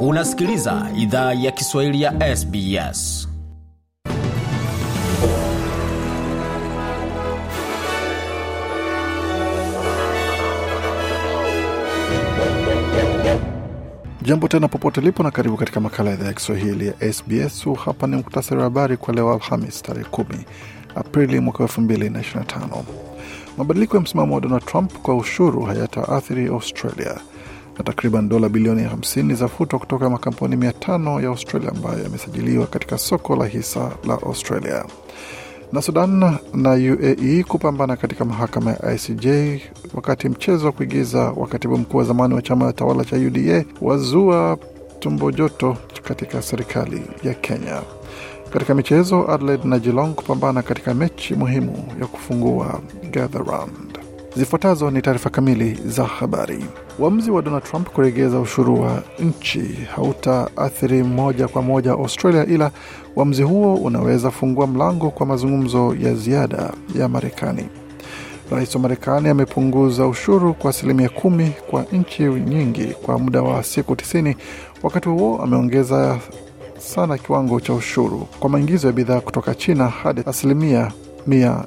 Unasikiliza idhaa ya Kiswahili ya SBS. Jambo tena popote lipo na karibu katika makala ya idhaa ya Kiswahili ya SBS. hapa ni muktasari wa habari kwa leo Alhamis tarehe 1 Aprili mwaka 2025. Mabadiliko ya msimamo wa Donald Trump kwa ushuru hayataathiri Australia na takriban dola bilioni 50 za futwa kutoka makampuni 500 ya Australia ambayo yamesajiliwa katika soko la hisa la Australia na Sudan na UAE kupambana katika mahakama ya ICJ wakati mchezo wa kuigiza wa katibu mkuu wa zamani wa chama tawala cha UDA wazua tumbo joto katika serikali ya Kenya. Katika michezo, Adelaide na Geelong kupambana katika mechi muhimu ya kufungua Gather Round. Zifuatazo ni taarifa kamili za habari. Uamuzi wa Donald Trump kuregeza ushuru wa nchi hautaathiri moja kwa moja Australia, ila uamuzi huo unaweza fungua mlango kwa mazungumzo ya ziada ya Marekani. Rais wa Marekani amepunguza ushuru kwa asilimia kumi kwa nchi nyingi kwa muda wa siku tisini. Wakati huo ameongeza sana kiwango cha ushuru kwa maingizo ya bidhaa kutoka China hadi asilimia mia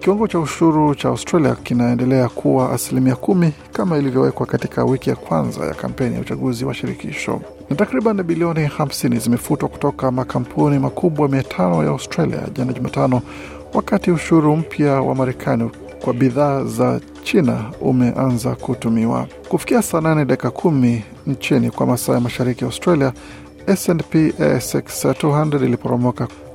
Kiwango cha ushuru cha Australia kinaendelea kuwa asilimia kumi kama ilivyowekwa katika wiki ya kwanza ya kampeni ya uchaguzi wa shirikisho na takriban bilioni 50 zimefutwa kutoka makampuni makubwa tano ya Australia jana Jumatano, wakati ushuru mpya wa Marekani kwa bidhaa za China umeanza kutumiwa kufikia saa 8 dakika kumi nchini kwa masaa ya mashariki ya Australia. S&P ASX 200 iliporomoka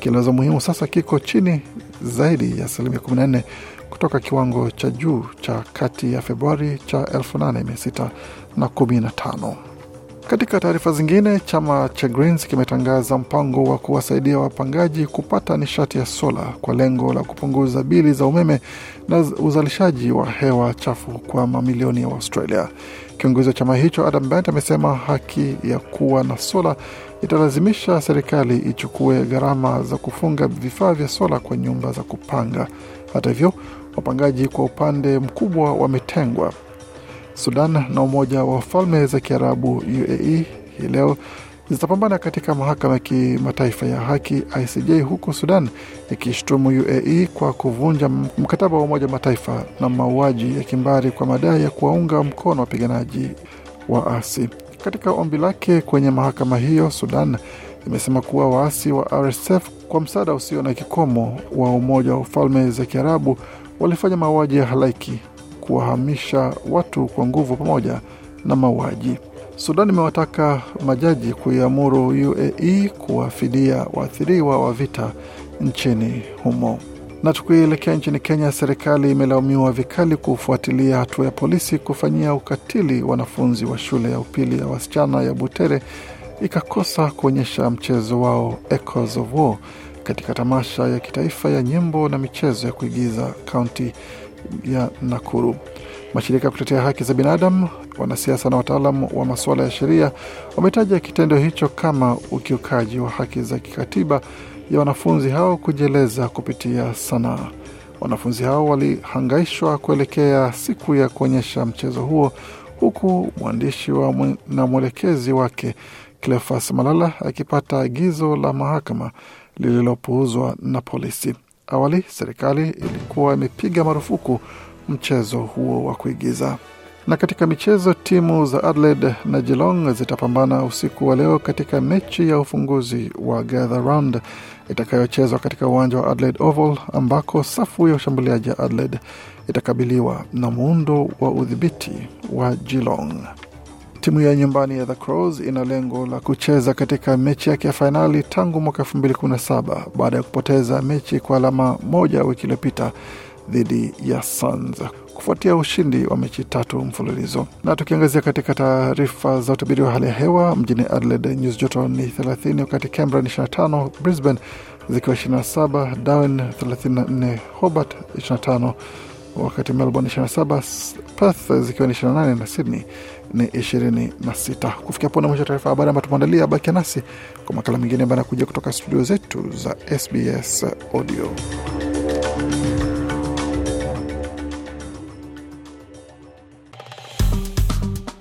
kielezo muhimu sasa kiko chini zaidi ya asilimia 14 kutoka kiwango cha juu cha kati ya Februari cha 8615. Katika taarifa zingine, chama cha Greens kimetangaza mpango wa kuwasaidia wapangaji kupata nishati ya sola kwa lengo la kupunguza bili za umeme na uzalishaji wa hewa chafu kwa mamilioni ya Australia. Kiongozi wa chama hicho Adam Bent amesema haki ya kuwa na sola italazimisha serikali ichukue gharama za kufunga vifaa vya sola kwa nyumba za kupanga. Hata hivyo, wapangaji kwa upande mkubwa wametengwa. Sudan na Umoja wa Falme za Kiarabu UAE hii leo zitapambana katika mahakama ya kimataifa ya haki ICJ huko Sudan, ikishtumu UAE kwa kuvunja mkataba wa Umoja Mataifa na mauaji ya kimbari kwa madai ya kuwaunga mkono wapiganaji wa asi Katika ombi lake kwenye mahakama hiyo, Sudan imesema kuwa waasi wa RSF kwa msaada usio na kikomo wa Umoja wa Falme za Kiarabu walifanya mauaji ya halaiki, kuwahamisha watu kwa nguvu pamoja na mauaji Sudan imewataka majaji kuiamuru UAE kuwafidia waathiriwa wa vita nchini humo. Na tukielekea nchini Kenya, serikali imelaumiwa vikali kufuatilia hatua ya polisi kufanyia ukatili wanafunzi wa shule ya upili ya wasichana ya Butere ikakosa kuonyesha mchezo wao Echoes of War katika tamasha ya kitaifa ya nyimbo na michezo ya kuigiza kaunti ya Nakuru. Mashirika ya kutetea haki za binadamu, wanasiasa na wataalamu wa masuala ya sheria wametaja kitendo hicho kama ukiukaji wa haki za kikatiba ya wanafunzi hao kujieleza kupitia sanaa. Wanafunzi hao walihangaishwa kuelekea siku ya kuonyesha mchezo huo, huku mwandishi wa na mwelekezi wake Cleophas Malala akipata agizo la mahakama lililopuuzwa na polisi. Awali serikali ilikuwa imepiga marufuku mchezo huo wa kuigiza. Na katika michezo, timu za Adelaide na Geelong zitapambana usiku wa leo katika mechi ya ufunguzi wa Gather Round itakayochezwa katika uwanja wa Adelaide Oval, ambako safu ya ushambuliaji ya Adelaide itakabiliwa na muundo wa udhibiti wa Geelong. Timu ya nyumbani ya The Crows ina lengo la kucheza katika mechi yake ya fainali tangu mwaka 2017 baada ya kupoteza mechi kwa alama moja wiki iliyopita dhidi ya Suns kufuatia ushindi wa mechi tatu mfululizo. Na tukiangazia katika taarifa za utabiri wa hali ya hewa, mjini Adelaide nyuzi joto ni 30, wakati Canberra ni 25, Brisbane zikiwa 27, Darwin 34, Hobart 25, wakati Melbourne 27, Perth zikiwa ni 28 na Sydney ni 26. Kufikia pona na mwisho taarifa habari ambayo tumeandalia. Bakia nasi kwa makala mengine ambayo anakuja kutoka studio zetu za SBS Audio.